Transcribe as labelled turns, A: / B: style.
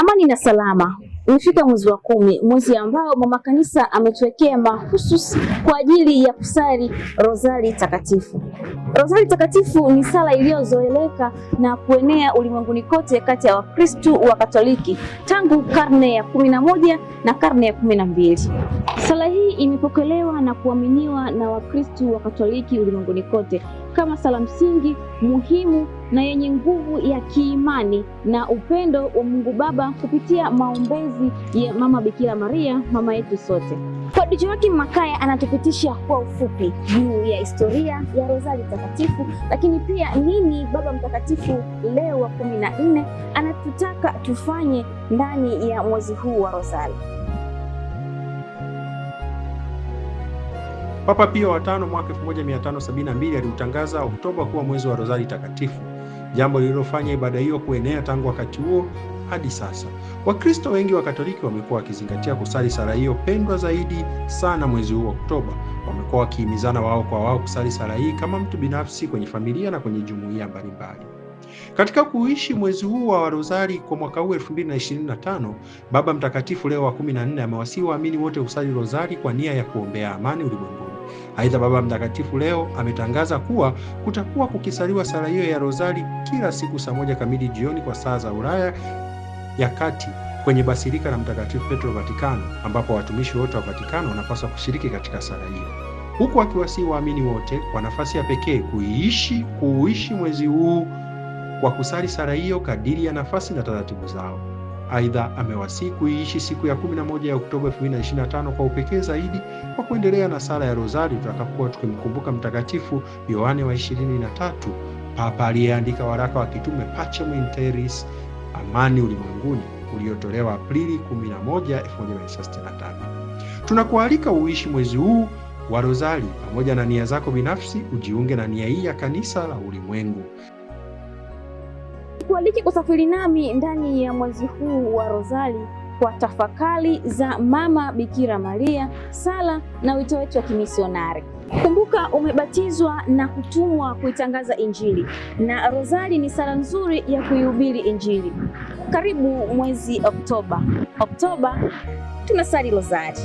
A: Amani na Salama umefika mwezi wa kumi, mwezi ambao mama kanisa ametuwekea mahususi kwa ajili ya kusali Rozari Takatifu. Rozari Takatifu ni sala iliyozoeleka na kuenea ulimwenguni kote kati ya Wakristu wa Katoliki tangu karne ya kumi na moja na karne ya kumi na mbili. Sala hii imepokelewa na kuaminiwa na Wakristu wa Katoliki ulimwenguni kote kama sala msingi muhimu na yenye nguvu ya kiimani na upendo wa Mungu Baba kupitia maombezi ya Mama Bikira Maria mama yetu sote. Padri Makaya anatupitisha kwa ufupi juu ya historia ya Rozari Takatifu, lakini pia nini Baba Mtakatifu Leo wa kumi na nne anatutaka tufanye ndani ya mwezi huu wa Rozari.
B: Papa Pio watano mwaka 1572 aliutangaza Oktoba kuwa mwezi wa Rozari Takatifu, jambo lililofanya ibada hiyo kuenea tangu wakati huo hadi sasa. Wakristo wengi wa Katoliki wamekuwa wakizingatia kusali sala hiyo pendwa zaidi sana mwezi huu Oktoba. Wamekuwa wakihimizana wao kwa wao kusali sala hii kama mtu binafsi, kwenye familia na kwenye jumuiya mbalimbali. Katika kuishi mwezi huu wa Rozari kwa mwaka huu 2025, Baba Mtakatifu Leo wa 14 amewasihi waamini wote kusali Rozari kwa nia ya kuombea amani ulimwenguni. Aidha, Baba Mtakatifu leo ametangaza kuwa kutakuwa kukisaliwa sala hiyo ya Rozari kila siku saa moja kamili jioni kwa saa za Ulaya ya kati kwenye basilika la Mtakatifu Petro Vatikano, ambapo watumishi wote wa Vatikano wanapaswa kushiriki katika sala hiyo, huku akiwasihi waamini wote kwa nafasi ya pekee kuishi kuuishi mwezi huu kwa kusali sala hiyo kadiri ya nafasi na taratibu zao. Aidha, amewasihi kuiishi siku ya 11 ya Oktoba 2025 kwa upekee zaidi kwa kuendelea na sala ya Rozari tutakapokuwa tukimkumbuka Mtakatifu Yohane wa 23, Papa aliyeandika waraka wa kitume Pacem in Terris, amani ulimwenguni, uliotolewa Aprili 11, 1965. Tunakualika uishi mwezi huu wa Rozari pamoja na nia zako binafsi, ujiunge na nia hii ya kanisa la ulimwengu
A: kualiki kusafiri nami ndani ya mwezi huu wa Rozari kwa tafakari za Mama Bikira Maria, sala na wito wetu wa kimisionari. Kumbuka umebatizwa na kutumwa kuitangaza Injili, na Rozari ni sala nzuri ya kuihubiri Injili. Karibu mwezi Oktoba. Oktoba tunasali Rozari.